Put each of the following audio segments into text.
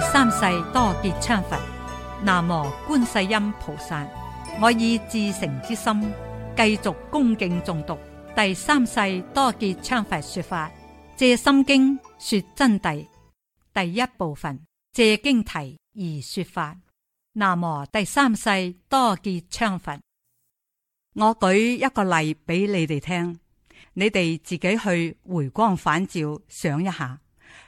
第三世多杰羌佛，南無觀世音菩薩。我以至誠之心，繼續恭敬誦讀第三世多杰羌佛說法《藉心經》說真諦第一部分《藉經題》而說法。南無第三世多杰羌佛。我舉一個例俾你哋聽，你哋自己去回光返照想一下。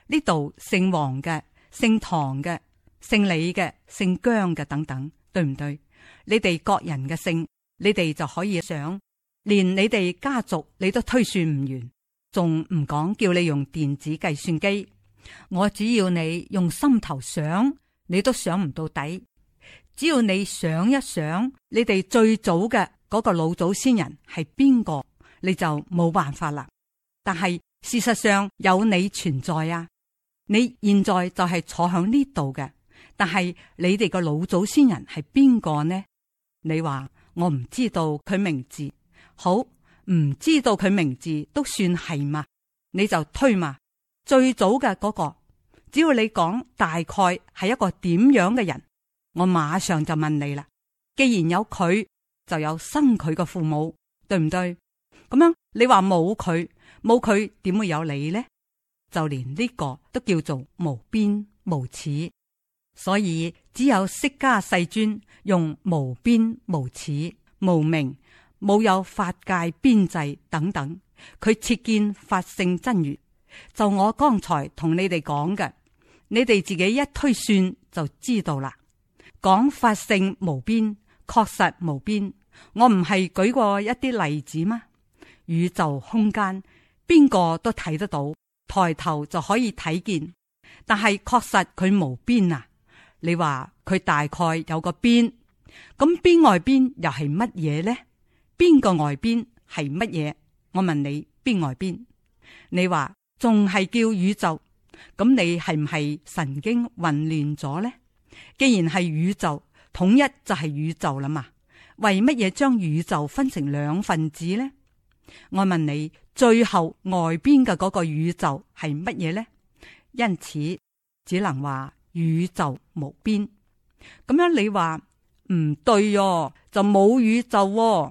呢度姓王嘅。姓唐嘅、姓李嘅、姓姜嘅等等，對唔對？你哋各人嘅姓，你哋就可以想，連你哋家族你都推算唔完，仲唔講叫你用電子計算機，我只要你用心頭想，你都想唔到底。只要你想一想，你哋最早嘅嗰個老祖先人係邊個，你就冇辦法啦。但係事實上有你存在啊。你現在就係坐響呢度嘅，但係你哋個老祖先人係邊個呢？你話我唔知道佢名字，好，唔知道佢名字都算係嘛？你就推嘛，最早嘅嗰個，只要你講大概係一個點樣嘅人，我馬上就問你啦。既然有佢，就有生佢嘅父母，對唔對？咁樣你話冇佢，冇佢點會有你呢？就連呢個都叫做無邊無始，所以只有釋迦世尊用無邊無始、無明、冇有法界邊際等等，佢切見法性真如。就我剛才同你哋講嘅，你哋自己一推算就知道啦。講法性無邊，確實無邊。我唔係舉過一啲例子嗎？宇宙空間，邊個都睇得到。抬頭就可以睇見，但係確實佢無邊啊！你話佢大概有個邊，咁邊外邊又係乜嘢呢？邊個外邊係乜嘢？我問你邊外邊，你話仲係叫宇宙？咁你係唔係神經混亂咗呢？既然係宇宙，統一就係宇宙啦嘛，為乜嘢將宇宙分成兩分子呢？我問你。最後外邊嘅嗰個宇宙係乜嘢呢？因此只能話宇宙無邊。咁樣你話唔對哦，就冇宇宙哦，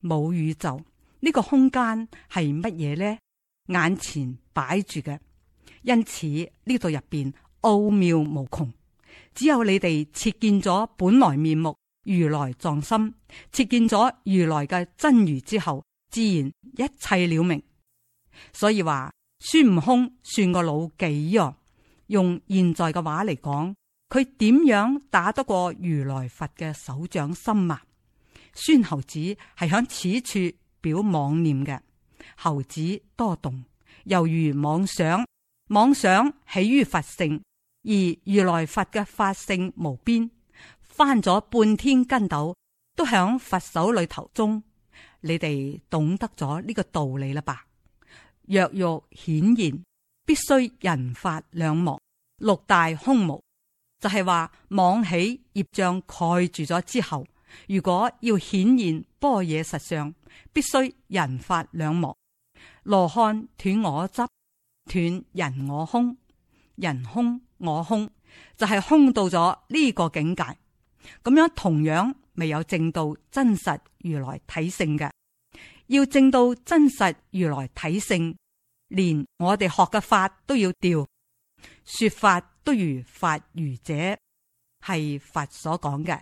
冇宇宙呢個空間係乜嘢呢？眼前擺住嘅，因此呢度入邊奧妙無窮。只有你哋切見咗本來面目，如來藏心，切見咗如來嘅真如之後。自然一切了明，所以話孫悟空算個老幾啊，用現在嘅話嚟講，佢點樣打得過如來佛嘅手掌心啊？孫猴子係響此處表妄念嘅。猴子多動，猶如妄想，妄想起於佛性，而如來佛嘅法性無邊，翻咗半天筋斗，都響佛手裏頭中。你哋懂得咗呢個道理啦吧？若欲顯現，必須人法兩忘。六大空無，就係話妄起業障蓋住咗之後，如果要顯現般若實相，必須人法兩忘。羅漢斷我執，斷人我空，人空我空，就係、是、空到咗呢個境界，咁樣同樣。未有證到真實如來體性嘅，要證到真實如來體性，連我哋學嘅法都要掉，說法都如法如者，係佛所講嘅。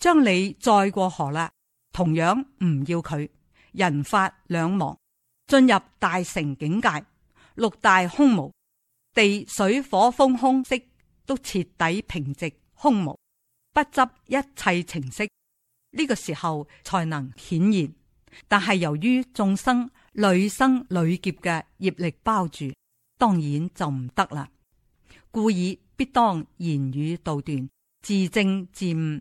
將你載過河啦，同樣唔要佢，人法兩亡，進入大成境界，六大空無，地水火風空色都徹底平靜空無，不執一切情色。呢、這個時候才能顯現，但係由於眾生累生累劫嘅業力包住，當然就唔得啦。故而必當言語道斷，自證自悟。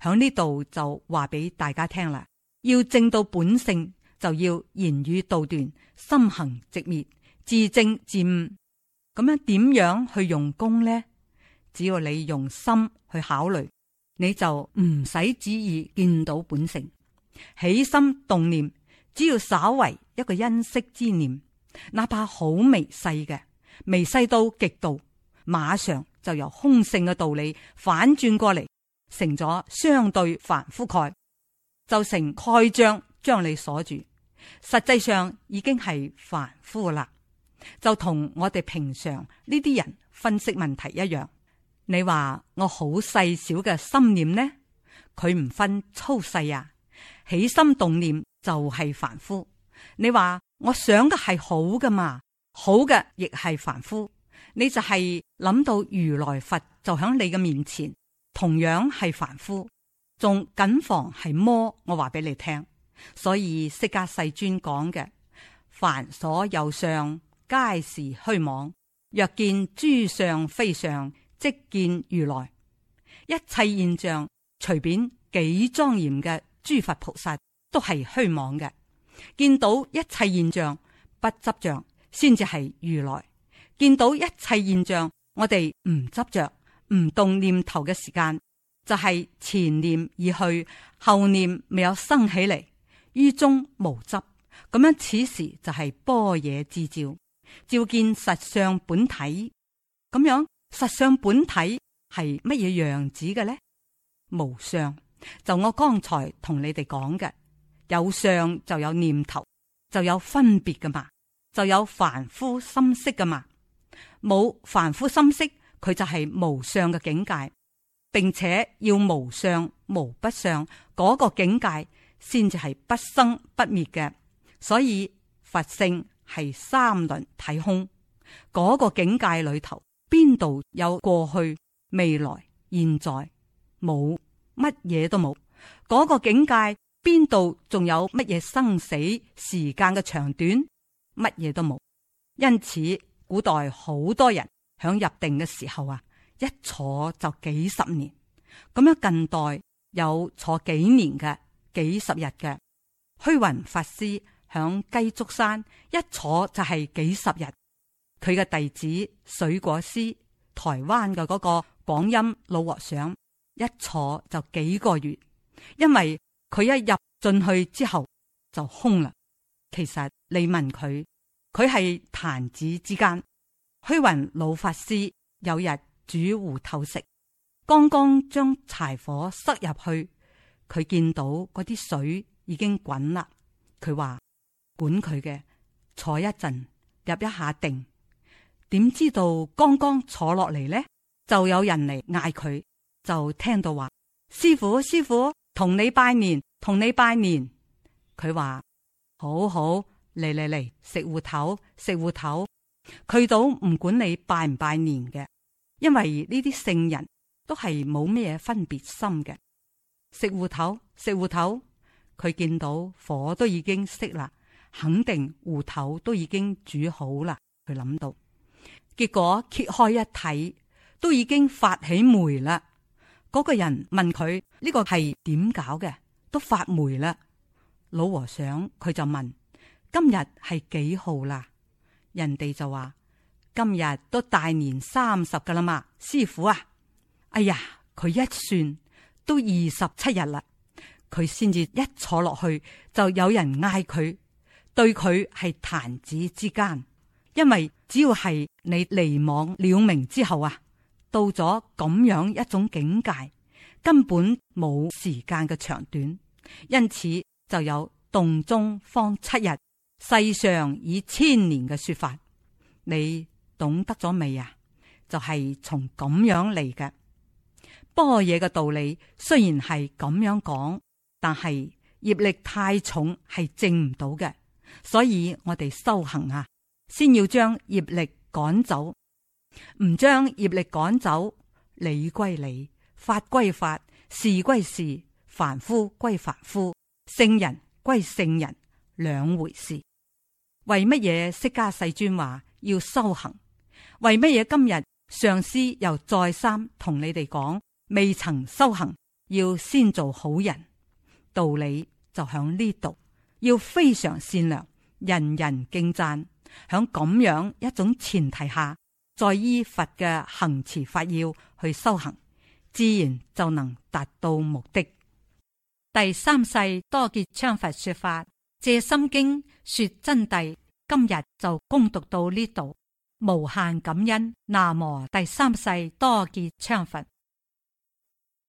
響呢度就話俾大家聽啦，要證到本性，就要言語道斷，心行直滅，自證自悟。咁樣點樣去用功呢？只要你用心去考慮。你就唔使旨意見到本性，起心動念，只要稍為一個因色之念，哪怕好微細嘅，微細到極度，馬上就由空性嘅道理反轉過嚟，成咗相對凡夫蓋，就成蓋章將你鎖住。實際上已經係凡夫啦，就同我哋平常呢啲人分析問題一樣。你話我好細小嘅心念呢？佢唔分粗細啊！起心動念就係凡夫。你話我想嘅係好㗎嘛？好嘅亦係凡夫。你就係諗到如來佛就響你嘅面前，同樣係凡夫。仲謹防係魔，我話俾你聽。所以釋迦世尊講嘅凡所有相，皆是虛妄。若見諸相非相。即見如來，一切現象隨便幾莊嚴嘅諸佛菩薩都係虛妄嘅。見到一切現象不執着，先至係如來。見到一切現象，我哋唔執着、唔動念頭嘅時間，就係、是、前念而去，後念未有生起嚟，於中無執。咁樣此時就係般若智照，照見實相本體。咁樣。實相本體係乜嘢樣子嘅呢？無相就我剛才同你哋講嘅，有相就有念頭，就有分別噶嘛，就有凡夫心識噶嘛。冇凡夫心識，佢就係無相嘅境界，並且要無相、無不相嗰、那個境界，先至係不生不滅嘅。所以佛性係三輪體空嗰、那個境界裏頭。邊度有過去、未來、現在？冇乜嘢，都冇。嗰個境界邊度仲有乜嘢生死、時間嘅長短？乜嘢都冇。因此，古代好多人響入定嘅時候啊，一坐就幾十年。咁樣近代有坐幾年嘅、幾十日嘅。虛雲法師響雞足山一坐就係幾十日。佢嘅弟子水果師，台灣嘅嗰個廣音老和尚，一坐就幾個月，因為佢一入進去之後就空啦。其實你問佢，佢係彈指之間，虛雲老法師有日煮芋頭食，剛剛將柴火塞入去，佢見到嗰啲水已經滾啦，佢話管佢嘅，坐一陣，入一下定。點知道剛剛坐落嚟呢，就有人嚟嗌佢，就聽到話師父，師父，同你拜年，同你拜年。佢話好好，嚟嚟嚟食芋頭，食芋頭。佢都唔管你拜唔拜年嘅，因為呢啲聖人都係冇咩分別心嘅。食芋頭，食芋頭，佢見到火都已經熄啦，肯定芋頭都已經煮好啦，佢諗到。結果揭開一睇，都已經發起霉啦。嗰、那個人問佢：呢、這個係點搞嘅？都發霉啦。老和尚佢就問：今日係幾號啦？人哋就話：今日都大年三十噶啦嘛，師傅啊！哎呀，佢一算都二十七日啦，佢先至一坐落去就有人嗌佢，對佢係彈指之間，因為。只要係你離妄了明之後啊，到咗咁樣一種境界，根本冇時間嘅長短，因此就有洞中方七日，世上已千年嘅說法。你懂得咗未啊？就係從咁樣嚟嘅。般若嘅道理雖然係咁樣講，但係業力太重係證唔到嘅，所以我哋修行啊。先要將業力趕走，唔將業力趕走，理歸理，法歸法，事歸事，凡夫歸凡夫，聖人歸聖人，兩回事。為乜嘢釋迦世尊話要修行？為乜嘢今日上師又再三同你哋講，未曾修行要先做好人？道理就響呢度，要非常善良，人人敬讚。響咁樣一種前提下，再依佛嘅行持法要去修行，自然就能達到目的。第三世多杰羌佛說法《藉心經》說真諦，今日就恭讀到呢度，無限感恩。南無第三世多杰羌佛。